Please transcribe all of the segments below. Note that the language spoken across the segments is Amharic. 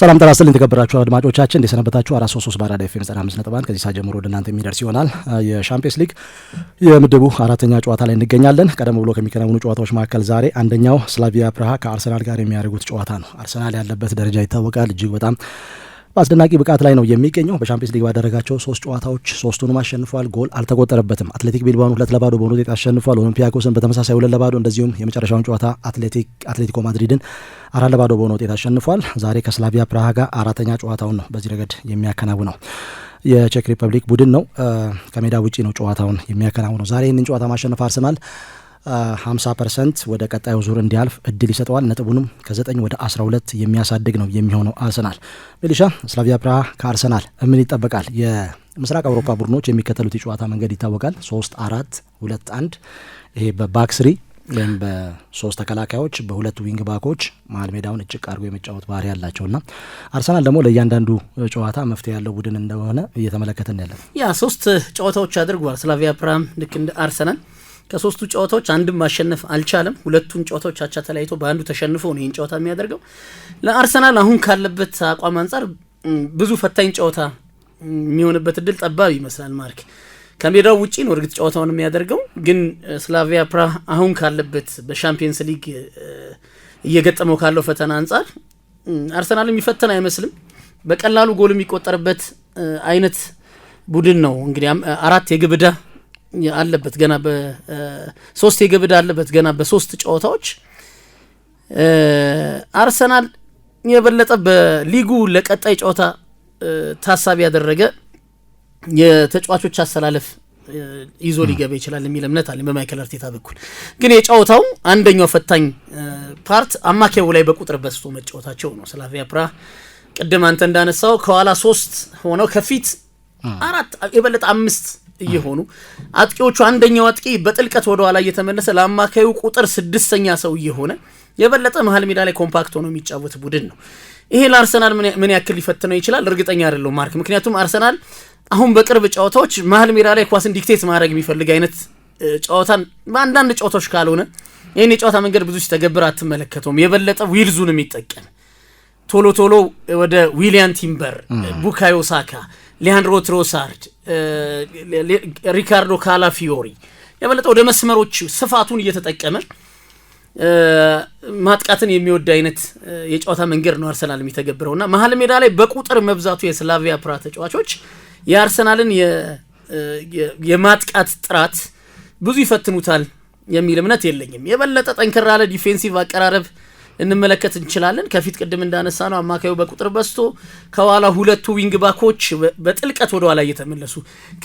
ሰላም ጠና ስትል የተከበራችሁ አድማጮቻችን እንደሰነበታችሁ። አራት ሶስት ሶስት በአራዳ ኤፍ ኤም ዘጠና አምስት ነጥብ አንድ ከዚህ ሰዓት ጀምሮ ወደ እናንተ የሚደርስ ይሆናል። የሻምፒየንስ ሊግ የምድቡ አራተኛ ጨዋታ ላይ እንገኛለን። ቀደም ብሎ ከሚከናወኑ ጨዋታዎች መካከል ዛሬ አንደኛው ስላቪያ ፕራሃ ከአርሰናል ጋር የሚያደርጉት ጨዋታ ነው። አርሰናል ያለበት ደረጃ ይታወቃል። እጅግ በጣም በአስደናቂ ብቃት ላይ ነው የሚገኘው። በሻምፒየንስ ሊግ ባደረጋቸው ሶስት ጨዋታዎች ሶስቱንም አሸንፏል። ጎል አልተቆጠረበትም። አትሌቲክ ቢልባውን ሁለት ለባዶ በሆነ ውጤት አሸንፏል። ኦሎምፒያኮስን በተመሳሳይ ሁለት ለባዶ እንደዚሁም የመጨረሻውን ጨዋታ አትሌቲኮ ማድሪድን አራት ለባዶ በሆነ ውጤት አሸንፏል። ዛሬ ከስላቪያ ፕራሃ ጋር አራተኛ ጨዋታውን ነው በዚህ ረገድ የሚያከናውነው። የቼክ ሪፐብሊክ ቡድን ነው፣ ከሜዳ ውጪ ነው ጨዋታውን የሚያከናውነው። ዛሬ ይህንን ጨዋታ ማሸነፍ አርሰናል 50 ፐርሰንት ወደ ቀጣዩ ዙር እንዲያልፍ እድል ይሰጠዋል። ነጥቡንም ከ9 ወደ 12 የሚያሳድግ ነው የሚሆነው። አርሰናል ሚሊሻ ስላቪያ ፕራሃ ከአርሰናል ምን ይጠበቃል? የምስራቅ አውሮፓ ቡድኖች የሚከተሉት የጨዋታ መንገድ ይታወቃል። 3 4 ሁለት 1 ይሄ በባክስሪ ወይም በሶስት ተከላካዮች በሁለት ዊንግ ባኮች መሀል ሜዳውን እጭቅ አድርጎ የመጫወት ባህሪ ያላቸው እና አርሰናል ደግሞ ለእያንዳንዱ ጨዋታ መፍትሄ ያለው ቡድን እንደሆነ እየተመለከትን ያለን ያ ሶስት ጨዋታዎች አድርጓል ስላቪያ ፕራም ልክ እንደ አርሰናል ከሶስቱ ጨዋታዎች አንድም ማሸነፍ አልቻለም። ሁለቱን ጨዋታዎች አቻ ተለያይቶ በአንዱ ተሸንፎ ነው ይህን ጨዋታ የሚያደርገው። ለአርሰናል አሁን ካለበት አቋም አንጻር ብዙ ፈታኝ ጨዋታ የሚሆንበት እድል ጠባብ ይመስላል። ማርክ ከሜዳው ውጪ ነው እርግጥ ጨዋታውን የሚያደርገው፣ ግን ስላቪያ ፕራህ አሁን ካለበት በሻምፒየንስ ሊግ እየገጠመው ካለው ፈተና አንጻር አርሰናል የሚፈተን አይመስልም። በቀላሉ ጎል የሚቆጠርበት አይነት ቡድን ነው። እንግዲህ አራት የግብዳ አለበት ገና በሶስት የግብ ዕዳ አለበት ገና በሶስት ጨዋታዎች። አርሰናል የበለጠ በሊጉ ለቀጣይ ጨዋታ ታሳቢ ያደረገ የተጫዋቾች አሰላለፍ ይዞ ሊገባ ይችላል የሚል እምነት አለኝ በማይከል አርቴታ በኩል። ግን የጨዋታው አንደኛው ፈታኝ ፓርት አማካዩ ላይ በቁጥር በዝቶ መጫወታቸው ነው። ስላቪያ ፕራ ቅድም አንተ እንዳነሳው ከኋላ ሶስት ሆነው ከፊት አራት የበለጠ አምስት እየሆኑ አጥቂዎቹ አንደኛው አጥቂ በጥልቀት ወደኋላ እየተመለሰ ለአማካዩ ቁጥር ስድስተኛ ሰው እየሆነ የበለጠ መሀል ሜዳ ላይ ኮምፓክት ሆኖ የሚጫወት ቡድን ነው። ይሄ ለአርሰናል ምን ያክል ሊፈትነው ይችላል እርግጠኛ አይደለሁም ማርክ። ምክንያቱም አርሰናል አሁን በቅርብ ጨዋታዎች መሀል ሜዳ ላይ ኳስን ዲክቴት ማድረግ የሚፈልግ አይነት ጨዋታን በአንዳንድ ጨዋታዎች ካልሆነ ይህን የጨዋታ መንገድ ብዙ ሲተገብር አትመለከተውም። የበለጠ ዊልዙን የሚጠቀም ቶሎ ቶሎ ወደ ዊሊያን ቲምበር፣ ቡካዮ ሳካ፣ ሊያንድሮ ትሮሳርድ፣ ሪካርዶ ካላፊዮሪ የበለጠ ወደ መስመሮች ስፋቱን እየተጠቀመ ማጥቃትን የሚወድ አይነት የጨዋታ መንገድ ነው አርሰናል የሚተገብረው እና መሀል ሜዳ ላይ በቁጥር መብዛቱ የስላቪያ ፕራ ተጫዋቾች የአርሰናልን የማጥቃት ጥራት ብዙ ይፈትኑታል የሚል እምነት የለኝም። የበለጠ ጠንከር ያለ ዲፌንሲቭ አቀራረብ እንመለከት እንችላለን። ከፊት ቅድም እንዳነሳ ነው አማካዩ በቁጥር በዝቶ ከኋላ ሁለቱ ዊንግ ባኮች በጥልቀት ወደ ኋላ እየተመለሱ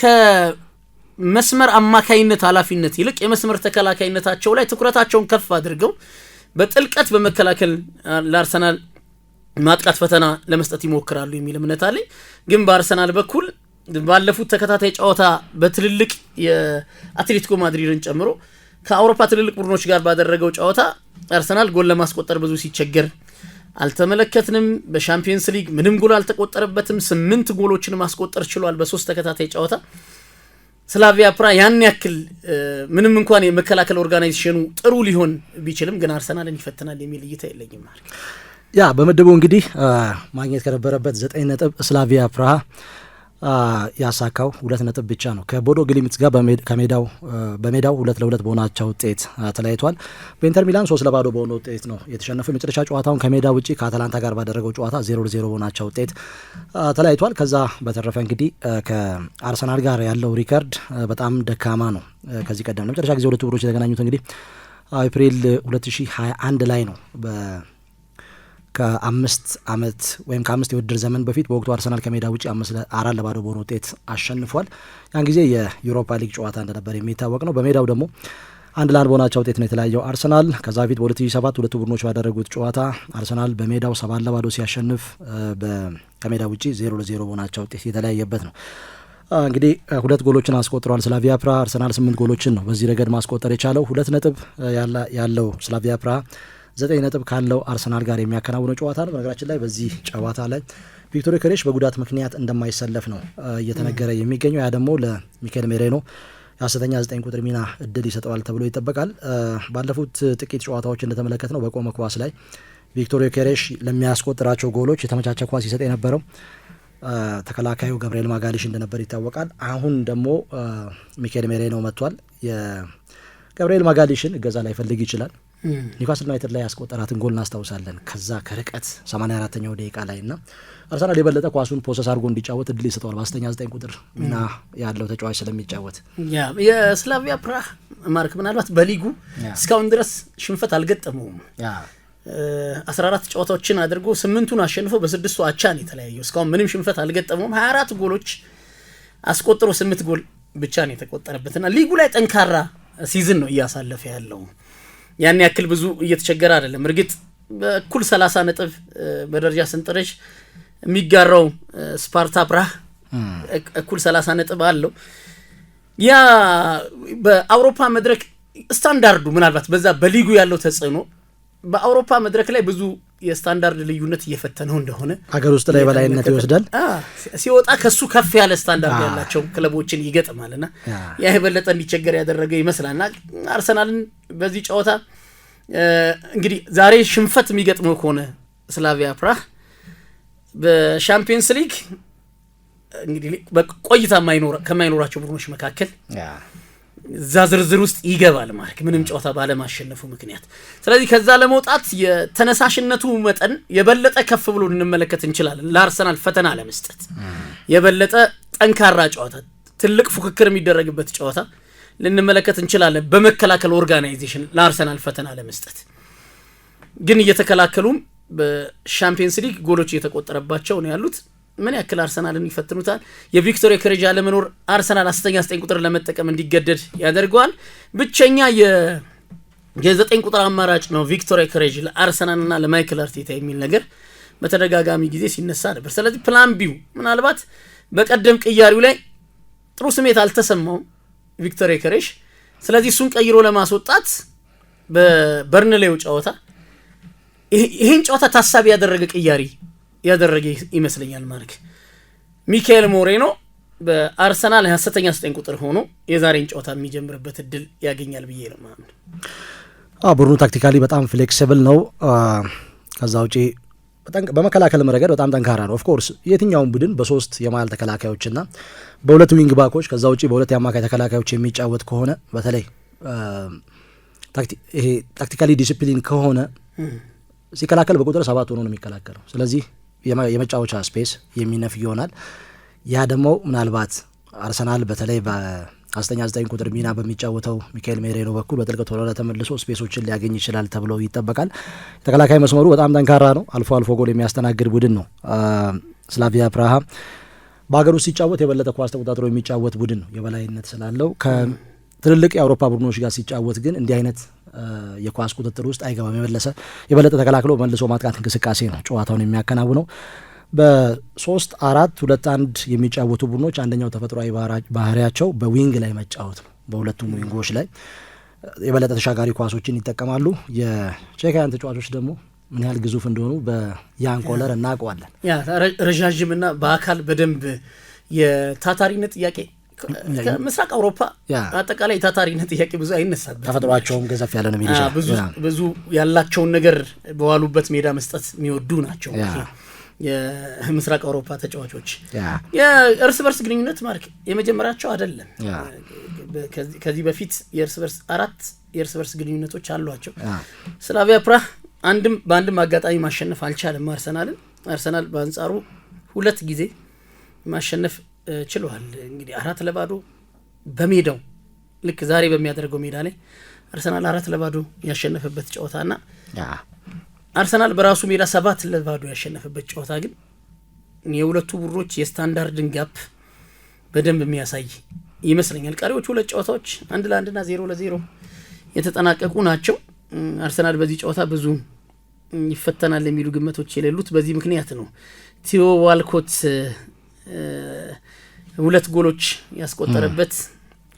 ከመስመር አማካይነት ኃላፊነት ይልቅ የመስመር ተከላካይነታቸው ላይ ትኩረታቸውን ከፍ አድርገው በጥልቀት በመከላከል ለአርሰናል ማጥቃት ፈተና ለመስጠት ይሞክራሉ የሚል እምነት አለኝ። ግን በአርሰናል በኩል ባለፉት ተከታታይ ጨዋታ በትልልቅ የአትሌቲኮ ማድሪድን ጨምሮ ከአውሮፓ ትልልቅ ቡድኖች ጋር ባደረገው ጨዋታ አርሰናል ጎል ለማስቆጠር ብዙ ሲቸገር አልተመለከትንም። በሻምፒየንስ ሊግ ምንም ጎል አልተቆጠረበትም። ስምንት ጎሎችን ማስቆጠር ችሏል በሶስት ተከታታይ ጨዋታ። ስላቪያ ፕራ ያን ያክል ምንም እንኳን የመከላከል ኦርጋናይዜሽኑ ጥሩ ሊሆን ቢችልም ግን አርሰናልን ይፈትናል የሚል እይታ የለኝም። ያ በምድቡ እንግዲህ ማግኘት ከነበረበት ዘጠኝ ነጥብ ስላቪያ ፕራሃ ያሳካው ሁለት ነጥብ ብቻ ነው። ከቦዶ ግሊምት ጋር በሜዳው ሁለት ለሁለት በሆናቸው ውጤት ተለያይቷል። በኢንተር ሚላን ሶስት ለባዶ በሆነ ውጤት ነው የተሸነፈው። የመጨረሻ ጨዋታውን ከሜዳ ውጭ ከአታላንታ ጋር ባደረገው ጨዋታ ዜሮ ለዜሮ በሆናቸው ውጤት ተለያይቷል። ከዛ በተረፈ እንግዲህ ከአርሰናል ጋር ያለው ሪከርድ በጣም ደካማ ነው። ከዚህ ቀደም ለመጨረሻ ጊዜ ሁለቱ ቡድኖች የተገናኙት እንግዲህ አፕሪል 2021 ላይ ነው። ከአምስት ዓመት ወይም ከአምስት የውድድር ዘመን በፊት በወቅቱ አርሰናል ከሜዳ ውጭ አራት ለባዶ በሆነ ውጤት አሸንፏል። ያን ጊዜ የዩሮፓ ሊግ ጨዋታ እንደነበር የሚታወቅ ነው። በሜዳው ደግሞ አንድ ለአንድ በሆናቸው ውጤት ነው የተለያየው አርሰናል። ከዛ በፊት በ2007 ሁለቱ ቡድኖች ባደረጉት ጨዋታ አርሰናል በሜዳው ሰባት ለባዶ ሲያሸንፍ ከሜዳ ውጭ ዜሮ ለዜሮ በሆናቸው ውጤት የተለያየበት ነው። እንግዲህ ሁለት ጎሎችን አስቆጥሯል ስላቪያ ፕራ። አርሰናል ስምንት ጎሎችን ነው በዚህ ረገድ ማስቆጠር የቻለው። ሁለት ነጥብ ያለው ስላቪያ ፕራ ዘጠኝ ነጥብ ካለው አርሰናል ጋር የሚያከናውነው ጨዋታ ነው። በነገራችን ላይ በዚህ ጨዋታ ላይ ቪክቶሪ ከሬሽ በጉዳት ምክንያት እንደማይሰለፍ ነው እየተነገረ የሚገኘው። ያ ደግሞ ለሚካኤል ሜሬኖ የሐሰተኛ ዘጠኝ ቁጥር ሚና እድል ይሰጠዋል ተብሎ ይጠበቃል። ባለፉት ጥቂት ጨዋታዎች እንደተመለከት ነው በቆመ ኳስ ላይ ቪክቶሪ ኬሬሽ ለሚያስቆጥራቸው ጎሎች የተመቻቸ ኳስ ይሰጥ የነበረው ተከላካዩ ገብርኤል ማጋሊሽ እንደነበር ይታወቃል። አሁን ደግሞ ሚካኤል ሜሬኖ መጥቷል። የገብርኤል ማጋሊሽን እገዛ ላይፈልግ ይችላል። ኒውካስል ዩናይትድ ላይ ያስቆጠራትን ጎል እናስታውሳለን። ከዛ ከርቀት 84ኛው ደቂቃ ላይ እና አርሰናል የበለጠ ኳሱን ፖሰስ አድርጎ እንዲጫወት እድል ይሰጠዋል። በአስተኛ ዘጠኝ ቁጥር ሚና ያለው ተጫዋች ስለሚጫወት የስላቪያ ፕራህ ማርክ ምናልባት በሊጉ እስካሁን ድረስ ሽንፈት አልገጠመውም። 14 ጨዋታዎችን አድርጎ ስምንቱን አሸንፎ በስድስቱ አቻ ነው የተለያየው። እስካሁን ምንም ሽንፈት አልገጠመውም። 24 ጎሎች አስቆጥሮ ስምንት ጎል ብቻ ነው የተቆጠረበትና ሊጉ ላይ ጠንካራ ሲዝን ነው እያሳለፈ ያለው። ያን ያክል ብዙ እየተቸገረ አይደለም። እርግጥ በእኩል 30 ነጥብ በደረጃ ሰንጠረዥ የሚጋራው ስፓርታ ፕራህ እኩል 30 ነጥብ አለው። ያ በአውሮፓ መድረክ ስታንዳርዱ ምናልባት በዛ በሊጉ ያለው ተጽዕኖ በአውሮፓ መድረክ ላይ ብዙ የስታንዳርድ ልዩነት እየፈተነው እንደሆነ ሀገር ውስጥ ላይ በላይነት ይወስዳል። ሲወጣ ከሱ ከፍ ያለ ስታንዳርድ ያላቸው ክለቦችን ይገጥማልና ያ የበለጠ እንዲቸገር ያደረገ ይመስላልና አርሰናልን በዚህ ጨዋታ እንግዲህ ዛሬ ሽንፈት የሚገጥመው ከሆነ ስላቪያ ፕራህ በሻምፒየንስ ሊግ እንግዲህ ቆይታ ከማይኖራቸው ቡድኖች መካከል እዛ ዝርዝር ውስጥ ይገባል ማርክ ምንም ጨዋታ ባለማሸነፉ ምክንያት። ስለዚህ ከዛ ለመውጣት የተነሳሽነቱ መጠን የበለጠ ከፍ ብሎ ልንመለከት እንችላለን። ለአርሰናል ፈተና ለመስጠት የበለጠ ጠንካራ ጨዋታ፣ ትልቅ ፉክክር የሚደረግበት ጨዋታ ልንመለከት እንችላለን። በመከላከል ኦርጋናይዜሽን ለአርሰናል ፈተና ለመስጠት ግን እየተከላከሉም በሻምፒየንስ ሊግ ጎሎች እየተቆጠረባቸው ነው ያሉት። ምን ያክል አርሰናልን ይፈትኑታል። የቪክቶር ዮኬሬዥ አለመኖር አርሰናል አስተኛ ዘጠኝ ቁጥር ለመጠቀም እንዲገደድ ያደርገዋል። ብቸኛ የዘጠኝ ቁጥር አማራጭ ነው ቪክቶር ዮኬሬዥ ለአርሰናልና ለማይክል አርቴታ የሚል ነገር በተደጋጋሚ ጊዜ ሲነሳ ነበር። ስለዚህ ፕላን ቢው ምናልባት በቀደም ቅያሪው ላይ ጥሩ ስሜት አልተሰማውም ቪክቶር ክሬጅ ስለዚህ እሱን ቀይሮ ለማስወጣት በበርንሌው ጨዋታ ይህን ጨዋታ ታሳቢ ያደረገ ቅያሪ ያደረገ ይመስለኛል። ማርክ ሚካኤል ሞሬኖ በአርሰናል ሀሰተኛ ዘጠኝ ቁጥር ሆኖ የዛሬን ጨዋታ የሚጀምርበት እድል ያገኛል ብዬ ነው ነው። ቡድኑ ታክቲካሊ በጣም ፍሌክሲብል ነው። ከዛ ውጪ በመከላከልም ረገድ በጣም ጠንካራ ነው። ኦፍኮርስ የትኛውን ቡድን በሶስት የመሀል ተከላካዮችና በሁለት ዊንግ ባኮች ከዛ ውጪ በሁለት የአማካይ ተከላካዮች የሚጫወት ከሆነ በተለይ ይሄ ታክቲካሊ ዲሲፕሊን ከሆነ ሲከላከል በቁጥር ሰባት ሆኖ ነው የሚከላከለው። ስለዚህ የመጫወቻ ስፔስ የሚነፍ ይሆናል። ያ ደግሞ ምናልባት አርሰናል በተለይ በአስጠኛ ዘጠኝ ቁጥር ሚና በሚጫወተው ሚካኤል ሜሬኖ በኩል በጥልቀት ወደ ተመልሶ ስፔሶችን ሊያገኝ ይችላል ተብሎ ይጠበቃል። የተከላካይ መስመሩ በጣም ጠንካራ ነው። አልፎ አልፎ ጎል የሚያስተናግድ ቡድን ነው ስላቪያ ፕራሃ በሀገር ውስጥ ሲጫወት የበለጠ ኳስ ተቆጣጥሮ የሚጫወት ቡድን ነው የበላይነት ስላለው ከትልልቅ የአውሮፓ ቡድኖች ጋር ሲጫወት ግን እንዲህ አይነት የኳስ ቁጥጥር ውስጥ አይገባም። የመለሰ የበለጠ ተከላክሎ መልሶ ማጥቃት እንቅስቃሴ ነው ጨዋታውን የሚያከናውነው። በሶስት አራት ሁለት አንድ የሚጫወቱ ቡድኖች አንደኛው ተፈጥሯዊ ባህሪያቸው በዊንግ ላይ መጫወት ነው። በሁለቱም ዊንጎች ላይ የበለጠ ተሻጋሪ ኳሶችን ይጠቀማሉ። የቼካያን ተጫዋቾች ደግሞ ምን ያህል ግዙፍ እንደሆኑ በያን ኮለር እናውቀዋለን። ረዣዥምና በአካል በደንብ የታታሪነት ጥያቄ ምስራቅ አውሮፓ አጠቃላይ የታታሪነት ጥያቄ ብዙ አይነሳበት፣ ተፈጥሯቸውም ገዘፍ ያለ ነው። ብዙ ያላቸውን ነገር በዋሉበት ሜዳ መስጠት የሚወዱ ናቸው የምስራቅ አውሮፓ ተጫዋቾች። የእርስ በርስ ግንኙነት ማርክ የመጀመሪያቸው አይደለም። ከዚህ በፊት የእርስ በርስ አራት የእርስ በርስ ግንኙነቶች አሏቸው። ስላቪያ ፕራህ አንድም በአንድም አጋጣሚ ማሸነፍ አልቻለም አርሰናልን። አርሰናል በአንጻሩ ሁለት ጊዜ ማሸነፍ ችሏል። እንግዲህ አራት ለባዶ በሜዳው ልክ ዛሬ በሚያደርገው ሜዳ ላይ አርሰናል አራት ለባዶ ያሸነፈበት ጨዋታ ና አርሰናል በራሱ ሜዳ ሰባት ለባዶ ያሸነፈበት ጨዋታ ግን የሁለቱ ቡድኖች የስታንዳርድን ጋፕ በደንብ የሚያሳይ ይመስለኛል። ቀሪዎቹ ሁለት ጨዋታዎች አንድ ለአንድና ዜሮ ለዜሮ የተጠናቀቁ ናቸው። አርሰናል በዚህ ጨዋታ ብዙ ይፈተናል የሚሉ ግምቶች የሌሉት በዚህ ምክንያት ነው። ቲዮ ዋልኮት ሁለት ጎሎች ያስቆጠረበት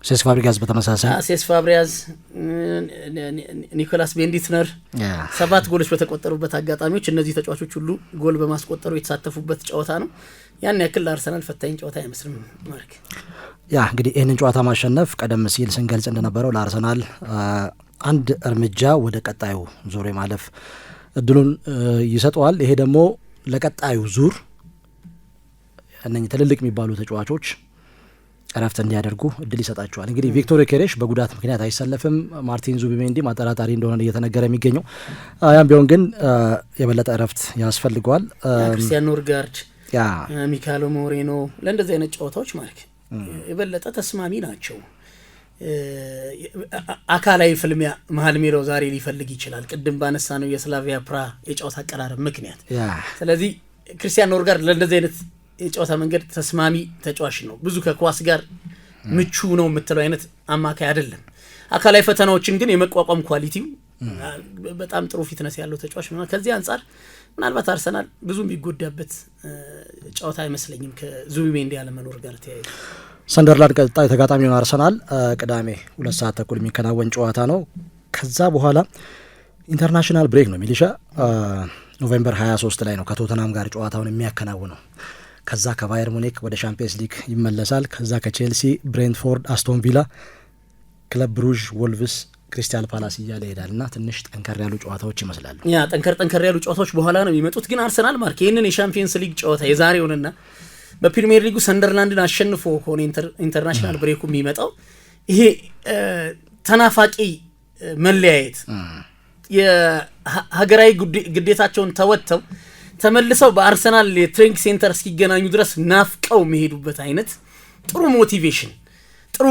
ሴስ ፋብሪጋዝ በተመሳሳይ ሴስ ፋብሪጋዝ ኒኮላስ ቤንዲትነር ሰባት ጎሎች በተቆጠሩበት አጋጣሚዎች እነዚህ ተጫዋቾች ሁሉ ጎል በማስቆጠሩ የተሳተፉበት ጨዋታ ነው። ያን ያክል ለአርሰናል ፈታኝ ጨዋታ አይመስልም። ማርክ ያ እንግዲህ ይህንን ጨዋታ ማሸነፍ ቀደም ሲል ስንገልጽ እንደነበረው ለአርሰናል አንድ እርምጃ ወደ ቀጣዩ ዙር ማለፍ እድሉን ይሰጠዋል። ይሄ ደግሞ ለቀጣዩ ዙር እነኚህ ትልልቅ የሚባሉ ተጫዋቾች እረፍት እንዲያደርጉ እድል ይሰጣቸዋል። እንግዲህ ቪክቶር ኬሬሽ በጉዳት ምክንያት አይሰለፍም። ማርቲን ዙቢሜንዲ ማጠራጣሪ እንደሆነ እየተነገረ የሚገኘው ያም ቢሆን ግን የበለጠ እረፍት ያስፈልገዋል። ክርስቲያን ኖርጋርድ፣ ሚካሎ ሞሬኖ ለእንደዚህ አይነት ጨዋታዎች ማለት የበለጠ ተስማሚ ናቸው። አካላዊ ፍልሚያ መሀል ሜዳው ዛሬ ሊፈልግ ይችላል። ቅድም ባነሳ ነው የስላቪያ ፕራ የጨዋታ አቀራረብ ምክንያት ስለዚህ ክርስቲያን ኖርጋርድ ለእንደዚህ አይነት የጨዋታ መንገድ ተስማሚ ተጫዋች ነው። ብዙ ከኳስ ጋር ምቹ ነው የምትለው አይነት አማካይ አይደለም። አካላዊ ፈተናዎችን ግን የመቋቋም ኳሊቲው በጣም ጥሩ ፊትነስ ያለው ተጫዋች ነው። ከዚህ አንጻር ምናልባት አርሰናል ብዙ የሚጎዳበት ጨዋታ አይመስለኝም ከዙቢሜንዲ ያለመኖር ጋር ተያይዞ። ሰንደርላንድ ቀጣይ ተጋጣሚ አርሰናል ቅዳሜ ሁለት ሰዓት ተኩል የሚከናወን ጨዋታ ነው። ከዛ በኋላ ኢንተርናሽናል ብሬክ ነው ሚሊሻ ኖቬምበር 23 ላይ ነው ከቶተናም ጋር ጨዋታውን የሚያከናውነው። ከዛ ከባየር ሙኒክ ወደ ሻምፒየንስ ሊግ ይመለሳል። ከዛ ከቼልሲ፣ ብሬንትፎርድ፣ አስቶን ቪላ፣ ክለብ ብሩዥ፣ ወልቭስ ክሪስታል ፓላስ እያለ ይሄዳል እና ትንሽ ጠንከር ያሉ ጨዋታዎች ይመስላሉ። ያ ጠንከር ጠንከር ያሉ ጨዋታዎች በኋላ ነው የሚመጡት። ግን አርሰናል ማርክ ይህንን የሻምፒየንስ ሊግ ጨዋታ የዛሬውንና በፕሪሚየር ሊጉ ሰንደርላንድን አሸንፎ ሆነ ኢንተርናሽናል ብሬኩ የሚመጣው ይሄ ተናፋቂ መለያየት የሀገራዊ ግዴታቸውን ተወጥተው ተመልሰው በአርሰናል የትሬኒንግ ሴንተር እስኪገናኙ ድረስ ናፍቀው የሚሄዱበት አይነት ጥሩ ሞቲቬሽን፣ ጥሩ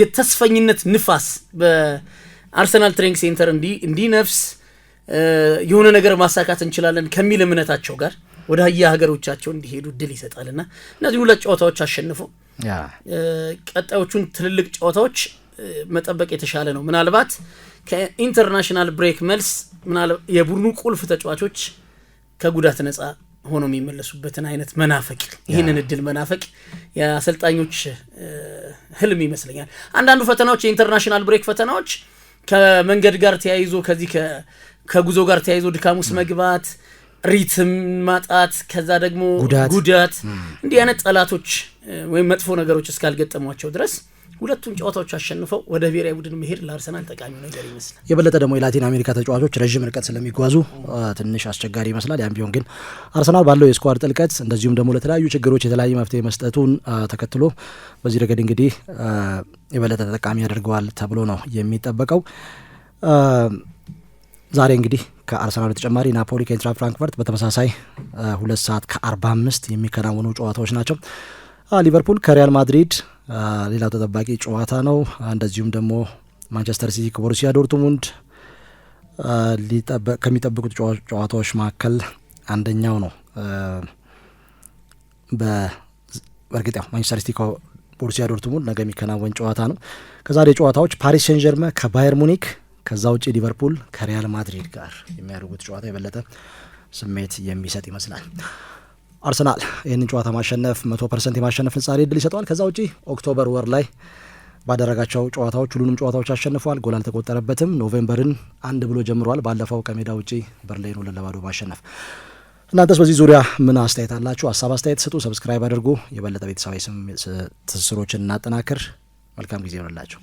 የተስፈኝነት ንፋስ በአርሰናል ትሬኒንግ ሴንተር እንዲነፍስ የሆነ ነገር ማሳካት እንችላለን ከሚል እምነታቸው ጋር ወደ ሀያ ሀገሮቻቸው እንዲሄዱ ድል ይሰጣልና እነዚህ ሁለት ጨዋታዎች አሸንፎ ቀጣዮቹን ትልልቅ ጨዋታዎች መጠበቅ የተሻለ ነው። ምናልባት ከኢንተርናሽናል ብሬክ መልስ የቡድኑ ቁልፍ ተጫዋቾች ከጉዳት ነጻ ሆኖ የሚመለሱበትን አይነት መናፈቅ ይህንን እድል መናፈቅ የአሰልጣኞች ህልም ይመስለኛል። አንዳንዱ ፈተናዎች የኢንተርናሽናል ብሬክ ፈተናዎች ከመንገድ ጋር ተያይዞ ከዚህ ከጉዞ ጋር ተያይዞ ድካም ውስጥ መግባት፣ ሪትም ማጣት፣ ከዛ ደግሞ ጉዳት እንዲህ አይነት ጠላቶች ወይም መጥፎ ነገሮች እስካልገጠሟቸው ድረስ ሁለቱን ጨዋታዎች አሸንፈው ወደ ብሔራዊ ቡድን መሄድ ለአርሰናል ጠቃሚ ነገር ይመስላል። የበለጠ ደግሞ የላቲን አሜሪካ ተጫዋቾች ረዥም ርቀት ስለሚጓዙ ትንሽ አስቸጋሪ ይመስላል። ያም ቢሆን ግን አርሰናል ባለው የስኳድ ጥልቀት እንደዚሁም ደግሞ ለተለያዩ ችግሮች የተለያየ መፍትሄ መስጠቱን ተከትሎ በዚህ ረገድ እንግዲህ የበለጠ ተጠቃሚ ያደርገዋል ተብሎ ነው የሚጠበቀው። ዛሬ እንግዲህ ከአርሰናል በተጨማሪ ናፖሊ ከኢንትራ ፍራንክፈርት በተመሳሳይ ሁለት ሰዓት ከአርባ አምስት የሚከናወኑ ጨዋታዎች ናቸው። ሊቨርፑል ከሪያል ማድሪድ ሌላው ተጠባቂ ጨዋታ ነው። እንደዚሁም ደግሞ ማንቸስተር ሲቲ ከቦሩሲያ ዶርትሙንድ ከሚጠብቁት ጨዋታዎች መካከል አንደኛው ነው። በእርግጥ ያው ማንቸስተር ሲቲ ከቦሩሲያ ዶርትሙንድ ነገ የሚከናወን ጨዋታ ነው። ከዛሬ ጨዋታዎች ፓሪስ ሴን ጀርመ ከባየር ሙኒክ፣ ከዛ ውጭ ሊቨርፑል ከሪያል ማድሪድ ጋር የሚያደርጉት ጨዋታ የበለጠ ስሜት የሚሰጥ ይመስላል። አርሰናል ይህንን ጨዋታ ማሸነፍ መቶ ፐርሰንት የማሸነፍ ንጻሬ እድል ይሰጠዋል። ከዛ ውጪ ኦክቶበር ወር ላይ ባደረጋቸው ጨዋታዎች ሁሉንም ጨዋታዎች አሸንፈዋል። ጎል አልተቆጠረበትም። ኖቬምበርን አንድ ብሎ ጀምሯል። ባለፈው ከሜዳ ውጪ በርንሌይን ሁለት ለባዶ ማሸነፍ። እናንተስ በዚህ ዙሪያ ምን አስተያየት አላችሁ? ሀሳብ አስተያየት ስጡ። ሰብስክራይብ አድርጉ። የበለጠ ቤተሰባዊ ስም ትስስሮችን እናጠናክር። መልካም ጊዜ ይሆንላችሁ።